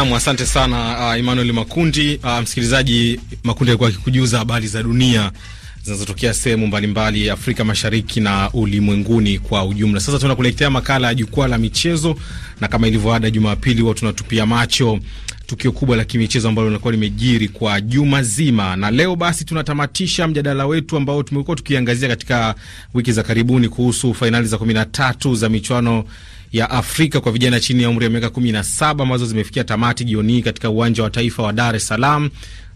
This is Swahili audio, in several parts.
Nam, asante sana uh, Emmanuel Makundi. Uh, msikilizaji, Makundi alikuwa akikujuza habari za dunia zinazotokea sehemu mbalimbali Afrika Mashariki na ulimwenguni kwa ujumla. Sasa tunakuletea makala ya jukwaa la michezo, na kama ilivyo ada Jumapili huwa tunatupia macho tukio kubwa la kimichezo ambalo linakuwa limejiri kwa juma zima, na leo basi tunatamatisha mjadala wetu ambao tumekuwa tukiangazia katika wiki za karibuni kuhusu fainali za kumi na tatu za michuano ya Afrika kwa vijana chini ya umri wa miaka kumi na saba ambazo zimefikia tamati jioni hii katika uwanja wa taifa wa Dar es Salaam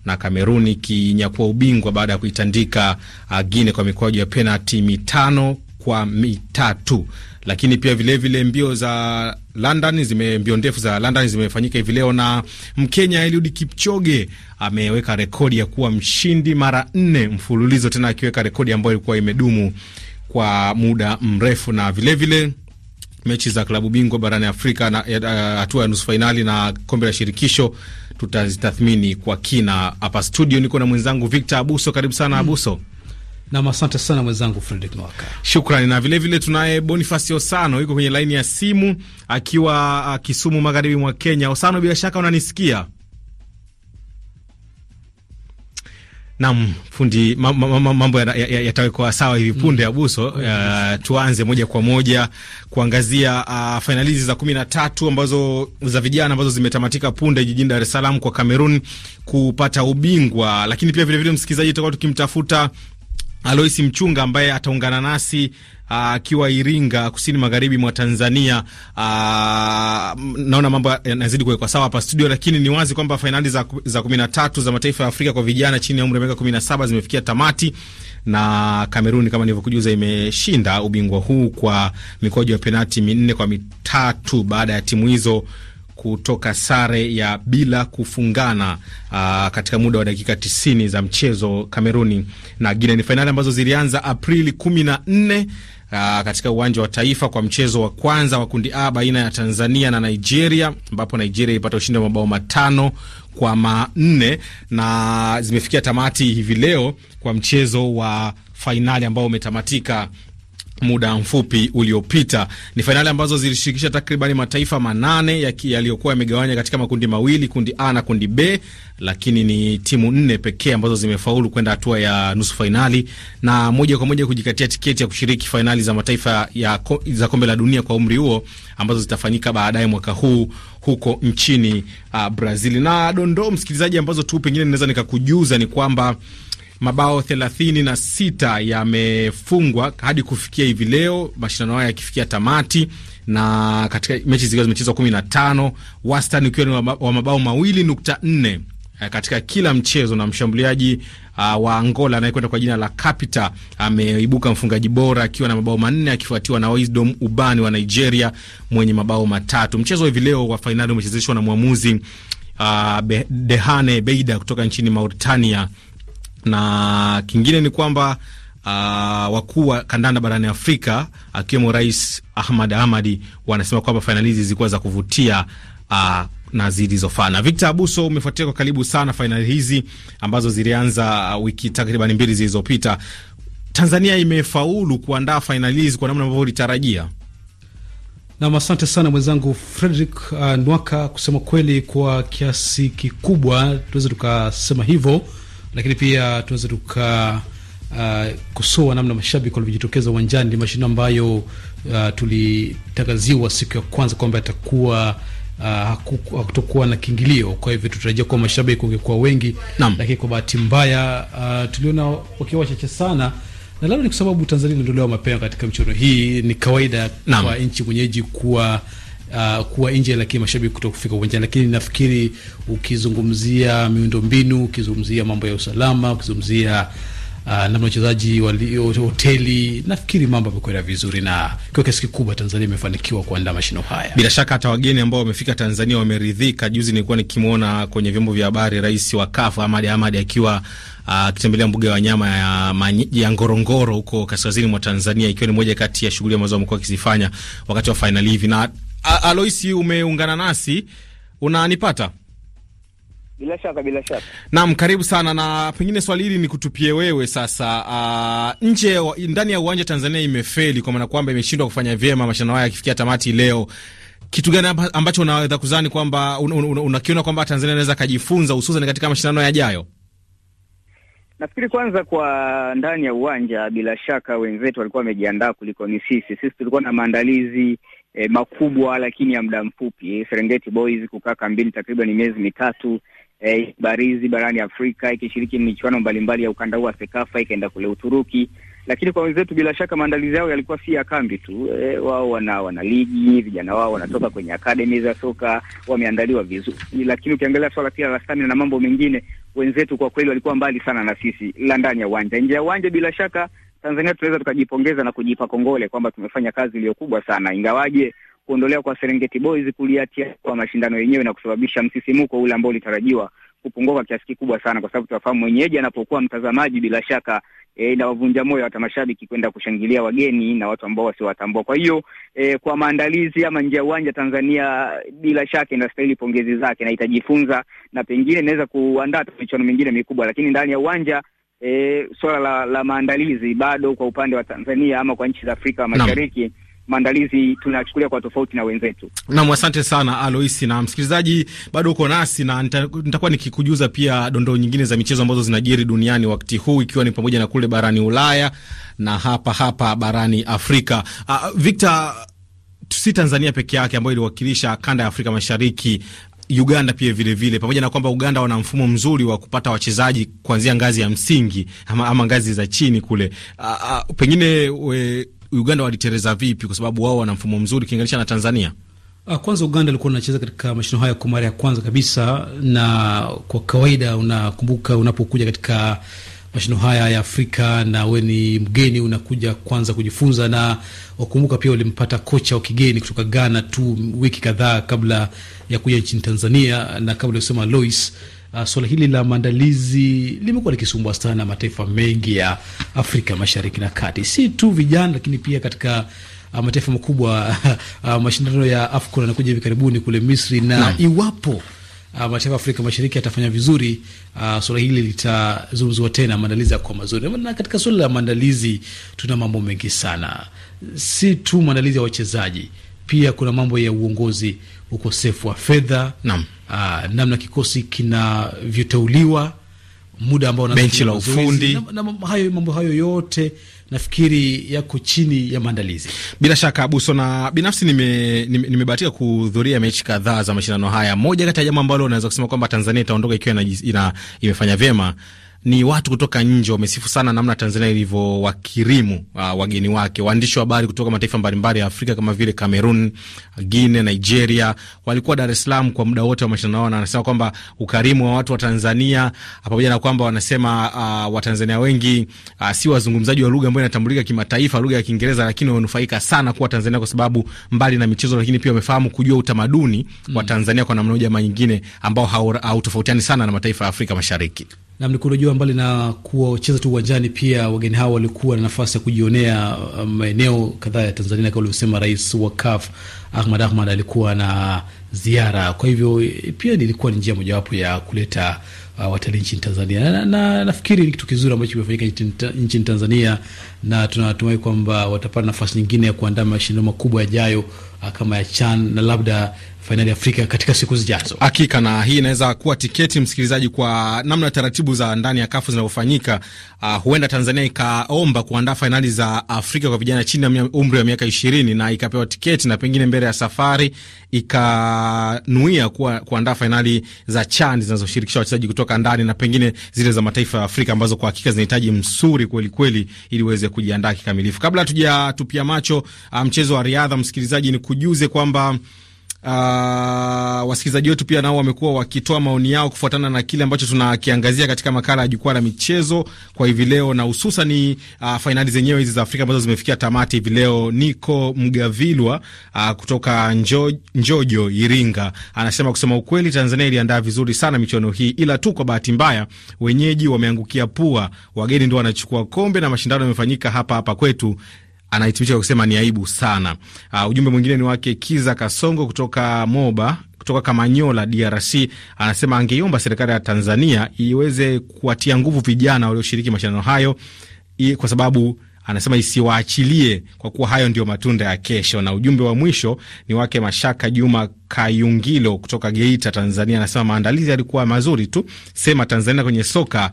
na Kamerun ikinyakua ubingwa baada ya kuitandika uh, Guine kwa mikwaju ya penalti mitano kwa mitatu. Lakini pia vilevile vile mbio za London zime mbio ndefu za London zimefanyika hivi leo, na Mkenya Eliud Kipchoge ameweka rekodi ya kuwa mshindi mara nne mfululizo, tena akiweka rekodi ambayo ilikuwa imedumu kwa muda mrefu, na vilevile vile, mechi za klabu bingwa barani Afrika na uh, hatua ya nusu fainali na kombe la shirikisho tutazitathmini kwa kina. Hapa studio niko na mwenzangu Victor Abuso, karibu sana mm. Abuso. Mm. Nam, asante sana mwenzangu Fredrick Nwaka, shukrani. Na vilevile tunaye Bonifasi Osano, yuko kwenye laini ya simu akiwa ah, Kisumu, magharibi mwa Kenya. Osano, bila shaka unanisikia? Nam fundi, mambo yatawekwa ya, ya sawa hivi punde. Mm. Abuso, uh, tuanze moja kwa moja kuangazia uh, ah, fainali za kumi na tatu ambazo za vijana ambazo zimetamatika punde jijini Dar es Salaam kwa Kamerun kupata ubingwa, lakini pia vilevile, msikilizaji, tutakuwa tukimtafuta Aloisi Mchunga ambaye ataungana nasi ah, akiwa Iringa, kusini magharibi mwa Tanzania. Uh, naona mambo yanazidi kuwekwa sawa hapa studio, lakini ni wazi kwamba fainali za, za kumi na tatu za mataifa ya Afrika kwa vijana chini ya umri wa miaka kumi na saba zimefikia tamati na Kameruni kama nilivyokujuza imeshinda ubingwa huu kwa mikojo ya penati minne kwa mitatu baada ya timu hizo kutoka sare ya bila kufungana uh, katika muda wa dakika tisini za mchezo Kameruni na Guinea. Ni fainali ambazo zilianza Aprili kumi na nne ah, katika uwanja wa Taifa kwa mchezo wa kwanza wa kundi A baina ya Tanzania na Nigeria, ambapo Nigeria ilipata ushindi wa mabao matano kwa manne na zimefikia tamati hivi leo kwa mchezo wa fainali ambao umetamatika muda mfupi uliopita. Ni fainali ambazo zilishirikisha takribani mataifa manane yaliyokuwa yamegawanya katika makundi mawili, kundi A na kundi B, lakini ni timu nne pekee ambazo zimefaulu kwenda hatua ya nusu fainali na moja kwa moja kujikatia tiketi ya kushiriki fainali za mataifa ya ko, za kombe la dunia kwa umri huo ambazo zitafanyika baadaye mwaka huu huko nchini uh, Brazil. Na dondoo msikilizaji, ambazo tu pengine naweza nikakujuza ni kwamba mabao 36 yamefungwa hadi kufikia hivi leo, mashindano hayo yakifikia tamati na katika mechi zikiwa zimechezwa 15, wastani ukiwa ni wa mabao mawili nukta nne eh, katika kila mchezo na mshambuliaji uh, wa Angola anayekwenda kwa jina la Capita ameibuka mfungaji bora akiwa na mabao manne akifuatiwa na Wisdom Ubani wa Nigeria mwenye mabao matatu. Mchezo hivi leo wa fainali umechezeshwa na mwamuzi uh, Dehane Beida kutoka nchini Mauritania na kingine ni kwamba uh, wakuu wa kandanda barani Afrika akiwemo Rais Ahmad Ahmadi wanasema kwamba fainali hizi zilikuwa za kuvutia uh, na zilizofana. Victor Abuso, umefuatia kwa karibu sana fainali hizi ambazo zilianza ah, wiki takriban mbili zilizopita. Tanzania imefaulu kuandaa fainali hizi kwa namna ambavyo ulitarajia? Nam, asante sana mwenzangu Frederick uh, Nwaka. Kusema kweli, kwa kiasi kikubwa tunaweza tukasema hivyo lakini pia tunaweza tukakosoa uh, namna mashabiki walivyojitokeza uwanjani. Ni mashindano ambayo uh, tulitangaziwa siku ya kwanza kwamba yatakuwa Uh, hakutokuwa na kiingilio, kwa hivyo tutarajia kuwa mashabiki wangekuwa wengi, lakini kwa bahati mbaya uh, tuliona wakiwa wachache sana, na labda ni kwa sababu Tanzania iliondolewa mapema katika michuano hii. Ni kawaida kwa nchi mwenyeji kuwa uh, kuwa nje, lakini mashabiki kuto kufika uwanjani. Lakini nafikiri ukizungumzia miundo mbinu, ukizungumzia mambo ya usalama, ukizungumzia uh, namna wachezaji walio hoteli, nafikiri mambo yamekwenda vizuri, na kwa kiasi kikubwa Tanzania imefanikiwa kuandaa mashino haya. Bila shaka hata wageni ambao wamefika Tanzania wameridhika. Juzi nilikuwa nikimwona kwenye vyombo vya habari rais wa kafu Ahmad Ahmad akiwa uh, akitembelea uh, mbuga ya wanyama ya, ya Ngorongoro huko kaskazini mwa Tanzania, ikiwa ni moja kati ya shughuli ambazo wamekuwa wakizifanya wakati wa fainali hivi na Aloisi, umeungana nasi, unanipata? Bila shaka, bila shaka. Naam, karibu sana, na pengine swali hili ni kutupie wewe sasa. Uh, nje ndani ya uwanja Tanzania imefeli kwa maana kwamba imeshindwa kufanya vyema mashindano haya yakifikia tamati leo. Kitu gani ambacho unaweza kuzani kwamba unakiona kwamba Tanzania inaweza kajifunza hususan katika mashindano yajayo? Nafikiri kwanza, kwa ndani ya uwanja, bila shaka wenzetu walikuwa wamejiandaa kuliko ni sisi. Sisi tulikuwa na maandalizi eh, makubwa lakini ya muda mfupi eh, Serengeti Boys kukaa kambini takriban miezi mitatu eh, barizi barani Afrika ikishiriki michuano mbalimbali ya ukanda huu wa Sekafa ikaenda kule Uturuki. Lakini kwa wenzetu bila shaka maandalizi yao yalikuwa si ya kambi tu e, wao wana wana ligi, vijana wao wanatoka kwenye akademi za soka, wameandaliwa vizuri. Lakini ukiangalia swala pia la stamina na mambo mengine, wenzetu kwa kweli walikuwa mbali sana na sisi, la ndani ya uwanja, nje ya uwanja bila shaka Tanzania tunaweza tukajipongeza na kujipa kongole kwamba tumefanya kazi iliyokubwa sana, ingawaje kuondolewa kwa Serengeti Boys kuliatia kwa mashindano yenyewe na kusababisha msisimuko ule ambao ulitarajiwa kupungua kwa kiasi kikubwa sana, kwa sababu tunafahamu mwenyeji anapokuwa mtazamaji, bila shaka e, inawavunja moyo hata mashabiki kwenda kushangilia wageni na watu ambao wasiwatambua. Kwa hiyo e, kwa maandalizi ama nje ya uwanja, Tanzania bila shaka inastahili pongezi zake na itajifunza, na pengine inaweza kuandaa michuano mingine mikubwa, lakini ndani ya uwanja e, suala la, la maandalizi bado kwa upande wa Tanzania ama kwa nchi za Afrika Mashariki Nam maandalizi tunachukulia kwa tofauti na wenzetu. Naam, asante sana Aloisi. Na msikilizaji, bado uko nasi na nitakuwa nikikujuza pia dondoo nyingine za michezo ambazo zinajiri duniani wakati huu, ikiwa ni pamoja na kule barani Ulaya na hapa hapa barani Afrika. Uh, Victor, si Tanzania peke yake ambayo iliwakilisha kanda ya Afrika Mashariki Uganda pia vilevile vile. Pamoja na kwamba Uganda wana mfumo mzuri wa kupata wachezaji kuanzia ngazi ya msingi ama, ama ngazi za chini kule a, a, pengine we, Uganda walitereza vipi, kwa sababu wao wana mfumo mzuri ukilinganisha na Tanzania? Kwanza Uganda alikuwa unacheza katika mashindano haya kwa mara ya kwanza kabisa, na kwa kawaida unakumbuka unapokuja katika mashindano haya ya Afrika na we ni mgeni, unakuja kwanza kujifunza, na wakumbuka pia ulimpata kocha wa kigeni kutoka Ghana tu wiki kadhaa kabla ya kuja nchini Tanzania na kabla ya kusema Lois. Uh, ah, suala hili la maandalizi limekuwa likisumbua sana mataifa mengi ya Afrika Mashariki na Kati, si tu vijana, lakini pia katika uh, mataifa makubwa uh, mashindano ya AFCON yanakuja hivi karibuni kule Misri na no. iwapo uh, ah, mataifa Afrika Mashariki yatafanya vizuri, uh, suala hili litazungumziwa tena, maandalizi yako mazuri. Na katika suala la maandalizi tuna mambo mengi sana, si tu maandalizi ya wachezaji, pia kuna mambo ya uongozi, ukosefu wa fedha nam. uh, ah, namna kikosi kinavyoteuliwa, muda ambao benchi la ufundi na, na, hayo mambo hayo yote nafikiri yako chini ya maandalizi. Bila shaka Abuso, na binafsi nimebahatika nime, nime kuhudhuria mechi kadhaa za mashindano haya. Moja kati ya jambo ambalo unaweza kusema kwamba Tanzania itaondoka ikiwa ina, ina, imefanya vyema ni watu kutoka nje wamesifu sana namna Tanzania ilivyo wakirimu uh, wageni wake. Waandishi wa habari kutoka mataifa mbalimbali ya Afrika kama vile Cameroon, Guinea, Nigeria walikuwa Dar es Salaam kwa muda wote wa mashindano yao, na wanasema kwamba ukarimu wa watu wa Tanzania uh, pamoja na kwamba wanasema uh, Watanzania wengi uh, si wazungumzaji wa lugha ambayo inatambulika kimataifa, lugha ya Kiingereza, lakini wamenufaika sana kuwa Tanzania kwa sababu mbali na michezo, lakini pia wamefahamu kujua utamaduni mm, wa Tanzania kwa namna moja ama nyingine ambao hautofautiani sana na mataifa ya Afrika Mashariki. Nam ni kurejea mbali na kuwa wacheza tu uwanjani, pia wageni hao walikuwa na nafasi ya kujionea um, maeneo kadhaa ya Tanzania kama ulivyosema, rais wa CAF Ahmad Ahmad alikuwa na ziara. Kwa hivyo pia nilikuwa ni njia mojawapo ya kuleta uh, watalii nchini Tanzania na, na, na nafikiri ni kitu kizuri ambacho kimefanyika nchini Tanzania na tunatumai kwamba watapata nafasi nyingine ya kuandaa mashindano makubwa yajayo, uh, kama ya CHAN na labda fainali ya Afrika katika siku zijazo. Hakika, na hii inaweza kuwa tiketi msikilizaji, kwa namna taratibu za ndani ya kafu zinavyofanyika. Uh, huenda Tanzania ikaomba kuandaa fainali za Afrika kwa vijana chini ya umri wa miaka ishirini na ikapewa tiketi, na pengine mbele ya safari ikanuia kuandaa fainali za CHAN zinazoshirikisha wachezaji kutoka ndani na pengine zile za mataifa ya Afrika ambazo kwa hakika zinahitaji msuri kwelikweli ili uweze kujiandaa kikamilifu. Kabla tujatupia macho ah, mchezo um, wa riadha, msikilizaji, ni kujuze kwamba uh, wasikilizaji wetu pia nao wamekuwa wakitoa maoni yao kufuatana na kile ambacho tunakiangazia katika makala ya jukwaa la michezo kwa hivi leo, na hususan ni uh, fainali zenyewe hizi za Afrika ambazo zimefikia tamati hivi leo. Niko Mgavilwa uh, kutoka njo, Njojo Iringa anasema kusema ukweli, Tanzania iliandaa vizuri sana michuano hii, ila tu kwa bahati mbaya wenyeji wameangukia pua, wageni ndio wanachukua kombe na mashindano yamefanyika hapa hapa kwetu anahitimisha kusema ni aibu sana. Uh, ujumbe mwingine ni wake Kiza Kasongo kutoka Moba kutoka Kamanyola, DRC, anasema angeiomba serikali ya Tanzania iweze kuwatia nguvu vijana walioshiriki mashindano hayo kwa sababu anasema isiwaachilie kwa kuwa hayo ndio matunda ya kesho. Na ujumbe wa mwisho ni wake Mashaka Juma Kayungilo kutoka Geita, Tanzania, anasema maandalizi yalikuwa mazuri tu, sema Tanzania kwenye soka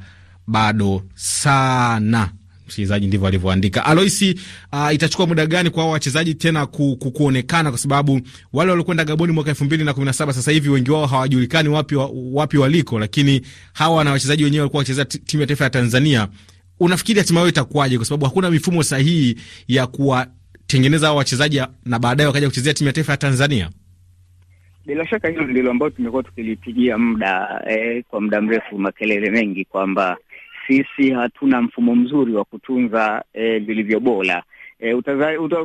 bado sana msikilizaji, ndivyo alivyoandika Aloisi. Uh, itachukua muda gani kwa wachezaji tena ku, ku, kuonekana? Kwa sababu wale waliokwenda Gaboni mwaka elfu mbili na kumi na saba sasa hivi wengi wao hawajulikani wapi, wapi waliko, lakini hawa na wachezaji wenyewe walikuwa wachezea timu ya taifa ya Tanzania. Unafikiri hatima yao itakuwaje? Kwa sababu hakuna mifumo sahihi ya kuwatengeneza hao wachezaji na baadaye wakaja kuchezea timu ya taifa ya Tanzania. Bila shaka hilo ndilo ambayo tumekuwa tukilipigia muda eh, kwa muda mrefu, makelele mengi kwamba sisi hatuna mfumo mzuri wa kutunza eh, vilivyo bora e,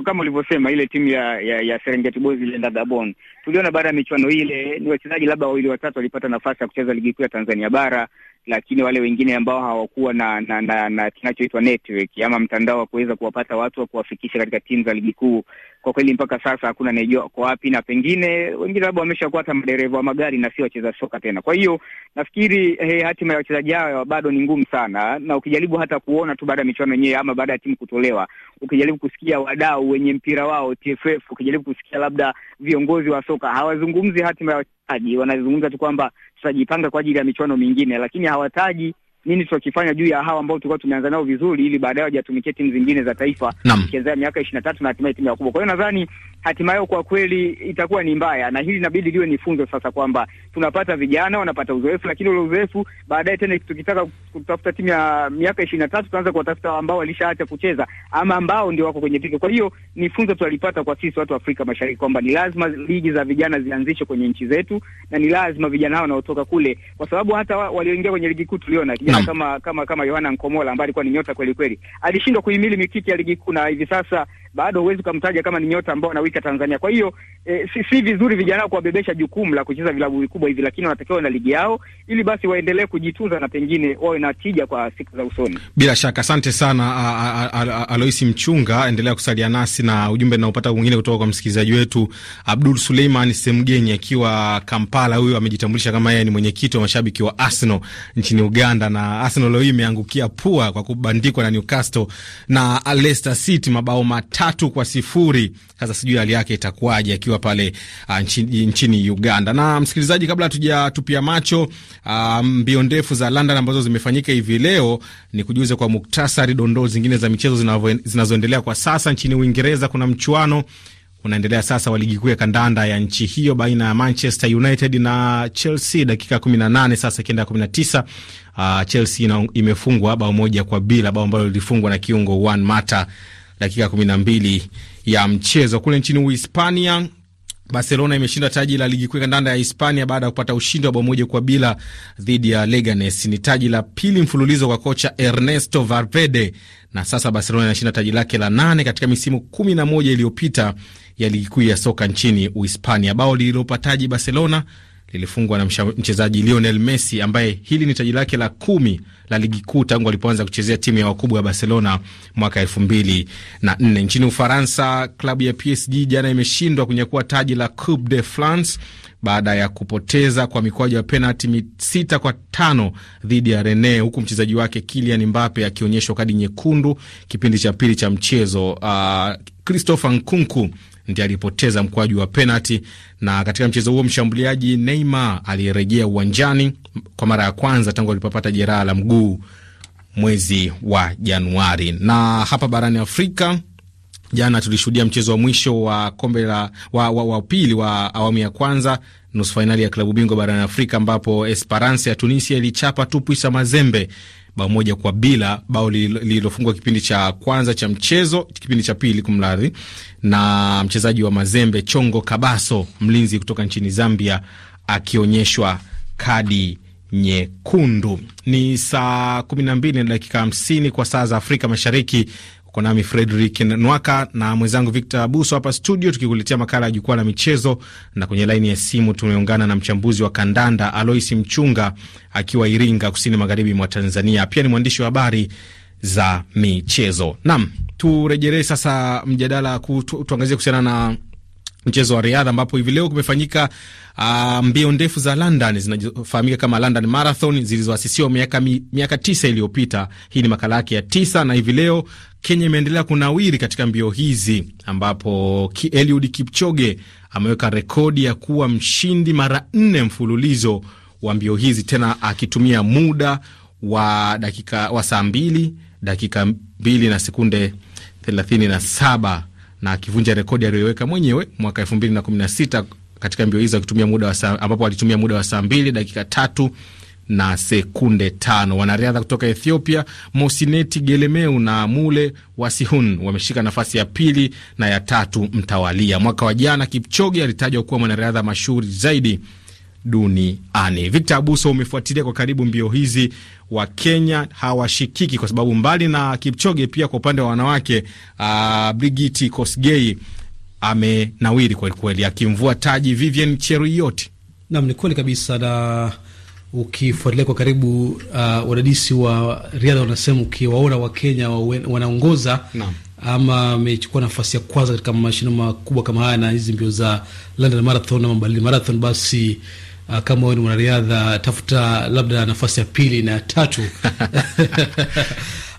kama ulivyosema ile timu ya, ya, ya Serengeti Boys ilienda Gabon. Tuliona baada ya michuano ile ni wachezaji labda wawili watatu walipata nafasi ya kucheza ligi kuu ya Tanzania bara lakini wale wengine ambao hawakuwa na na, na, na kinachoitwa network ama mtandao wa kuweza kuwapata watu wa kuwafikisha katika timu za ligi kuu, kwa kweli mpaka sasa hakuna anayejua kwa wapi, na pengine wengine labda wameshakuwa hata madereva wa magari na sio wacheza soka tena. Kwa hiyo nafikiri hey, eh, hatima ya wachezaji hao bado ni ngumu sana, na ukijaribu hata kuona tu baada ya michuano yenyewe ama baada ya timu kutolewa, ukijaribu kusikia wadau wenye mpira wao TFF, ukijaribu kusikia labda viongozi wa soka hawazungumzi hatima ya wachezaji, wanazungumza tu kwamba tutajipanga kwa ajili ya michuano mingine, lakini hawataji nini tutakifanya juu ya hawa ambao tulikuwa tumeanza nao vizuri, ili baadaye wajatumikia timu zingine za taifa, ikianzia miaka ishirini na tatu na hatimaye timu ya kubwa. Kwa hiyo nadhani hatimaye kwa kweli itakuwa ni mbaya, na hili inabidi liwe ni funzo sasa, kwamba tunapata vijana wanapata uzoefu, lakini ule uzoefu baadaye tena tukitaka kutafuta timu ya miaka ishirini na tatu tunaanza kuwatafuta ambao walishaacha kucheza ama ambao ndio wako kwenye pigo. Kwa hiyo ni funzo tunalipata kwa sisi watu wa Afrika Mashariki kwamba ni lazima ligi za vijana zianzishwe kwenye nchi zetu, na ni lazima vijana hao wanaotoka kule, kwa sababu hata walioingia kwenye ligi kuu tuliona kijana hmm. kama kama kama Yohana Nkomola ambaye alikuwa ni nyota kweli kweli, alishindwa kuhimili mikiki ya ligi kuu na hivi sasa bado huwezi ukamtaja kama ni nyota ambao anawika Tanzania. Kwa hiyo e, si, si vizuri vijana wao kuwabebesha jukumu la kucheza vilabu vikubwa hivi, lakini wanatakiwa na ligi yao, ili basi waendelee kujitunza na pengine wawe na tija kwa siku za usoni. Bila shaka, asante sana Aloisi Mchunga, endelea kusalia nasi na ujumbe naopata mwingine kutoka kwa msikilizaji wetu Abdul Suleiman Semgenyi akiwa Kampala. Huyu amejitambulisha kama yeye ni mwenyekiti wa mashabiki wa Arsenal nchini Uganda, na Arsenal leo imeangukia pua kwa kubandikwa na Newcastle na Leicester City mabao matatu tatu kwa sifuri. Sasa sijui hali yake itakuwaje akiwa pale uh, nchini, nchini Uganda. Na msikilizaji, kabla hatujatupia macho uh, mbio ndefu za London ambazo zimefanyika hivi leo, ni kujuze kwa muktasari dondoo zingine za michezo zinazoendelea kwa sasa. Nchini Uingereza kuna mchuano unaendelea sasa wa ligi kuu ya kandanda ya nchi hiyo baina ya Manchester United na Chelsea. Dakika 18 sasa ikienda 19, uh, Chelsea imefungwa bao moja kwa bila, bao ambalo lilifungwa na kiungo Juan Mata dakika 12 ya mchezo. Kule nchini Uhispania, Barcelona imeshinda taji la ligi kuu ya kandanda ya Hispania baada ya kupata ushindi wa bao moja kwa bila dhidi ya Leganes. Ni taji la pili mfululizo kwa kocha Ernesto Valverde, na sasa Barcelona inashinda taji lake la nane katika misimu kumi na moja iliyopita ya ligi kuu ya soka nchini Uhispania. Bao lililopa taji Barcelona lilifungwa na mchezaji Lionel Messi ambaye hili ni taji lake la kumi la ligi kuu tangu alipoanza kuchezea timu ya wakubwa ya Barcelona mwaka elfu mbili na nne. Nchini Ufaransa, klabu ya PSG jana imeshindwa kunyakua taji la Coupe de France baada ya kupoteza kwa mikwaju ya penalti sita kwa tano dhidi ya Rene, huku mchezaji wake Kylian Mbappe akionyeshwa kadi nyekundu kipindi cha pili cha mchezo. Uh, ah, Christopher Nkunku ndiye alipoteza mkwaju wa penalti. Na katika mchezo huo mshambuliaji Neymar alirejea uwanjani kwa mara ya kwanza tangu alipopata jeraha la mguu mwezi wa Januari. Na hapa barani Afrika jana tulishuhudia mchezo wa mwisho wa kombe la wa, wa, wa pili wa awamu ya kwanza nusu fainali ya klabu bingwa barani Afrika ambapo Esperance ya Tunisia ilichapa tupwisa Mazembe bao moja kwa bila, bao lililofungwa kipindi cha kwanza cha mchezo, kipindi cha pili kumradhi, na mchezaji wa Mazembe Chongo Kabaso, mlinzi kutoka nchini Zambia, akionyeshwa kadi nyekundu. Ni saa kumi na mbili na dakika hamsini kwa saa za Afrika Mashariki. Uko nami Fredrik Nwaka na mwenzangu Victor Abuso hapa studio, tukikuletea makala ya jukwaa la michezo, na kwenye laini ya simu tumeungana na mchambuzi wa kandanda Aloisi Mchunga akiwa Iringa, kusini magharibi mwa Tanzania. Pia ni mwandishi wa habari za michezo. Naam, turejelee sasa mjadala ku, tu, tuangazie kuhusiana na mchezo wa riadha ambapo hivi leo kumefanyika uh, mbio ndefu za London zinazofahamika kama London Marathon zilizoasisiwa miaka, mi, miaka tisa iliyopita. Hii ni makala yake ya tisa na hivi leo Kenya imeendelea kunawiri katika mbio hizi ambapo Eliud Kipchoge ameweka rekodi ya kuwa mshindi mara nne mfululizo wa mbio hizi, tena akitumia muda wa dakika wa saa mbili dakika mbili na sekunde thelathini na saba na akivunja rekodi aliyoweka mwenyewe mwaka elfu mbili na kumi na sita katika mbio hizo akitumia muda wa saa ambapo alitumia muda wa saa mbili dakika tatu na sekunde tano. Wanariadha kutoka Ethiopia Mosineti Gelemeu na Mule Wasihun wameshika nafasi ya pili na ya tatu mtawalia. Mwaka wa jana Kipchoge alitajwa kuwa mwanariadha mashuhuri zaidi duniani. Victor Abuso, umefuatilia kwa karibu mbio hizi. Wa Kenya hawashikiki kwa sababu mbali na Kipchoge pia kwa upande wa wanawake uh, ah, Brigiti Kosgei amenawiri kwelikweli akimvua taji Vivian Cheruiyot. Nam, ni kweli kabisa na ukifuatilia kwa karibu uh, wadadisi wa riadha wanasema ukiwaona Wakenya wanaongoza ama amechukua nafasi ya kwanza katika mashindano makubwa kama haya na hizi mbio za London Marathon ama Berlin Marathon, basi uh, kama wewe ni mwanariadha tafuta labda nafasi ya pili na ya tatu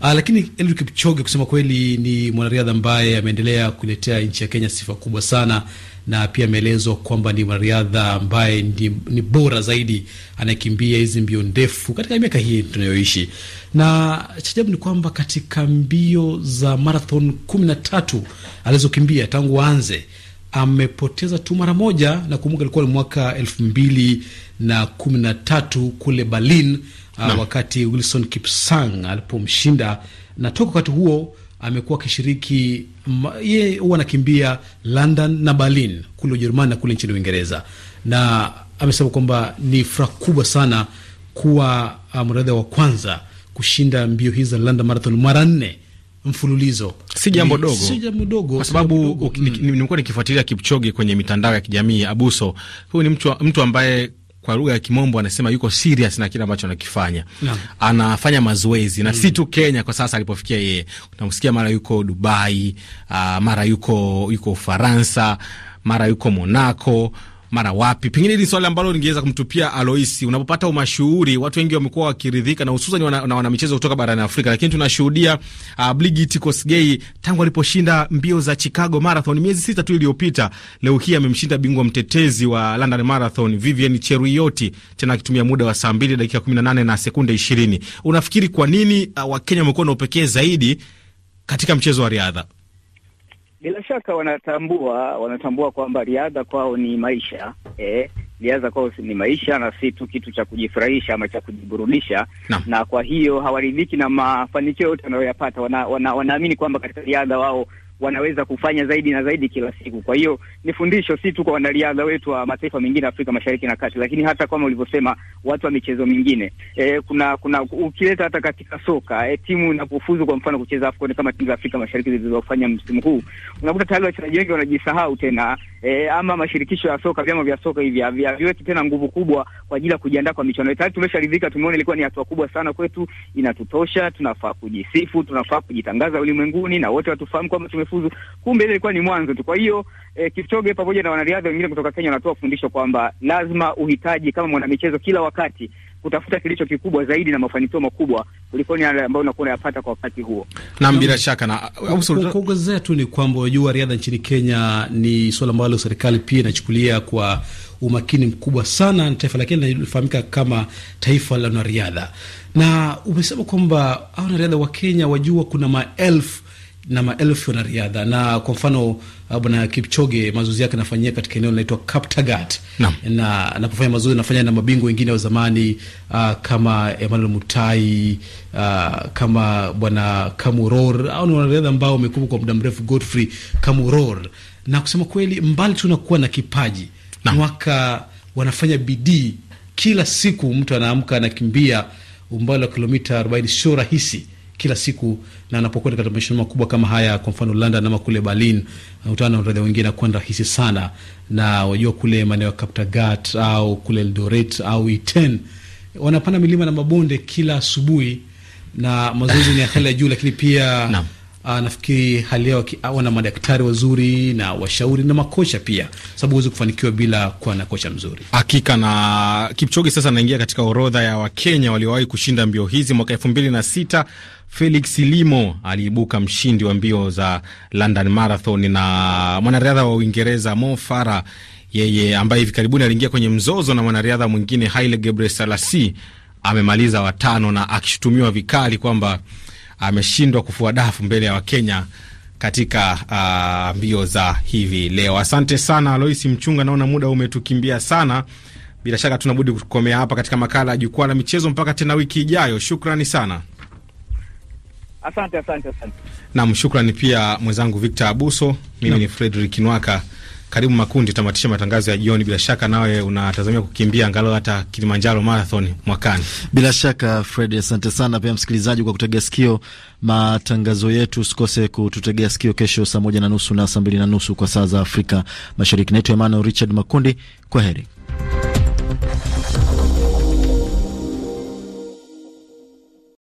uh, lakini Eliud Kipchoge kusema kweli ni mwanariadha ambaye ameendelea kuletea nchi ya Kenya sifa kubwa sana na pia ameelezwa kwamba ni mwanariadha ambaye ni, ni bora zaidi anayekimbia hizi mbio ndefu katika miaka hii tunayoishi. Na chajabu ni kwamba katika mbio za marathon kumi na tatu alizokimbia tangu aanze amepoteza tu mara moja. kumbuka alikuwa ni mwaka elfu mbili na kumi na tatu kule Berlin, uh, wakati Wilson Kipsang alipomshinda na toka wakati huo amekuwa akishiriki ye huwa anakimbia London na Berlin kule Ujerumani na kule nchini Uingereza, na amesema kwamba ni furaha kubwa sana kuwa ah, mradha wa kwanza kushinda mbio hizi za London Marathon mara nne mfululizo si jambo dogo, si jambo dogo, kwa sababu mm. nimekuwa nikifuatilia Kipchoge kwenye mitandao ya kijamii. Abuso, huyu ni mtu, mtu ambaye kwa lugha ya Kimombo anasema yuko serious na kile ambacho anakifanya. yeah. Anafanya mazoezi na mm. si tu Kenya kwa sasa alipofikia yeye. Unamsikia mara yuko Dubai, uh, mara yuko yuko Ufaransa, mara yuko Monaco mara wapi? Pengine hili swali ambalo ningeweza kumtupia Aloisi, unapopata umashuhuri, watu wengi wamekuwa wakiridhika na hususan wana, na wanamichezo kutoka barani Afrika, lakini tunashuhudia uh, Brigid Kosgei tangu aliposhinda mbio za Chicago Marathon miezi sita tu iliyopita, leo hii amemshinda bingwa mtetezi wa London Marathon Vivian Cheruiyot, tena akitumia muda wa saa mbili dakika kumi na nane na sekunde ishirini. Unafikiri kwa nini uh, Wakenya wamekuwa na upekee zaidi katika mchezo wa riadha? bila shaka wanatambua wanatambua kwamba riadha kwao ni maisha eh, riadha kwao ni maisha na si tu kitu cha kujifurahisha ama cha kujiburudisha na. na kwa hiyo hawaridhiki na mafanikio yote wanayoyapata. Wanaamini wana, wana kwamba katika riadha wao wanaweza kufanya zaidi na zaidi kila siku. Kwa hiyo ni fundisho si tu kwa wanariadha wetu wa mataifa mengine Afrika Mashariki na Kati, lakini hata kama ulivyosema watu wa michezo mingine e, kuna kuna ukileta hata katika soka e, timu inapofuzu kwa mfano kucheza AFCON kama timu za Afrika Mashariki zilizofanya msimu huu, unakuta tayari wachezaji wengi wanajisahau tena e, ama mashirikisho ya soka, vyama vya soka hivi haviweki tena nguvu kubwa kwa ajili ya kujiandaa kwa michuano. Tayari tumesharidhika, tumeona ilikuwa ni hatua kubwa sana kwetu, inatutosha. Tunafaa kujisifu, tunafaa kujitangaza ulimwenguni na wote watufahamu kwamba tume wamefuzu. Kumbe ile ilikuwa ni mwanzo tu. Kwa hiyo eh, Kipchoge pamoja na wanariadha wengine kutoka Kenya wanatoa fundisho kwamba lazima uhitaji kama mwanamichezo kila wakati kutafuta kilicho kikubwa zaidi na mafanikio makubwa kuliko ni yale ambayo unakuwa unayapata kwa wakati huo. Naam, bila shaka na uh, kuongezea tu ni kwamba unajua riadha nchini Kenya ni swala ambalo serikali pia inachukulia kwa umakini mkubwa sana, na taifa la Kenya linafahamika kama taifa la wanariadha, na umesema kwamba wanariadha wa Kenya wajua, kuna maelfu na maelfu na riadha na kwa mfano uh, bwana Kipchoge mazoezi yake anafanyia katika eneo linaitwa Kaptagat na anapofanya na mazoezi anafanya na mabingwa wengine wa zamani uh, kama Emmanuel Mutai uh, kama bwana Kamuror au ni wanariadha ambao wamekuwa kwa muda mrefu Godfrey Kamuror, na kusema kweli, mbali tu nakuwa na kipaji na mwaka wanafanya bidii kila siku, mtu anaamka anakimbia umbali wa kilomita 40 sio rahisi kila siku na anapokwenda katika mashindano makubwa kama haya, kwa mfano London ama kule Berlin, anakutana na wanariadha wengine, anakuwa ni rahisi sana. Na wajua kule maeneo ya Kaptagat au kule Eldoret au Iten, wanapanda milima na mabonde kila asubuhi, na mazoezi ni ya hali ya juu, lakini pia Uh, nafikiri hali yao ah, na madaktari wazuri na washauri na makocha pia, sababu huwezi kufanikiwa bila kuwa na kocha mzuri. Hakika na Kipchoge sasa anaingia katika orodha ya Wakenya waliowahi kushinda mbio hizi. Mwaka elfu mbili na sita Felix Limo aliibuka mshindi wa mbio za London Marathon, na mwanariadha wa Uingereza Mo Farah yeye ambaye hivi karibuni aliingia kwenye mzozo na mwanariadha mwingine Haile Gebrselassie amemaliza watano na akishutumiwa vikali kwamba ameshindwa kufua dafu mbele ya Wakenya katika uh, mbio za hivi leo. Asante sana Alois Mchunga, naona muda umetukimbia sana. Bila shaka tunabudi kukomea hapa katika makala ya jukwaa la michezo mpaka tena wiki ijayo. Shukrani sana. Asante, asante, asante. Nam, shukrani pia mwenzangu Victor Abuso. Mimi ni Fredrick Nwaka. Karibu Makundi, tamatisha matangazo ya jioni. Bila shaka nawe unatazamia kukimbia angalau hata Kilimanjaro marathon mwakani. Bila shaka Fred, asante sana pia msikilizaji kwa kutegea sikio matangazo yetu. Usikose kututegea sikio kesho saa moja na nusu na saa mbili na nusu kwa saa za Afrika Mashariki. Naitwa Emmanuel Richard Makundi, kwa heri.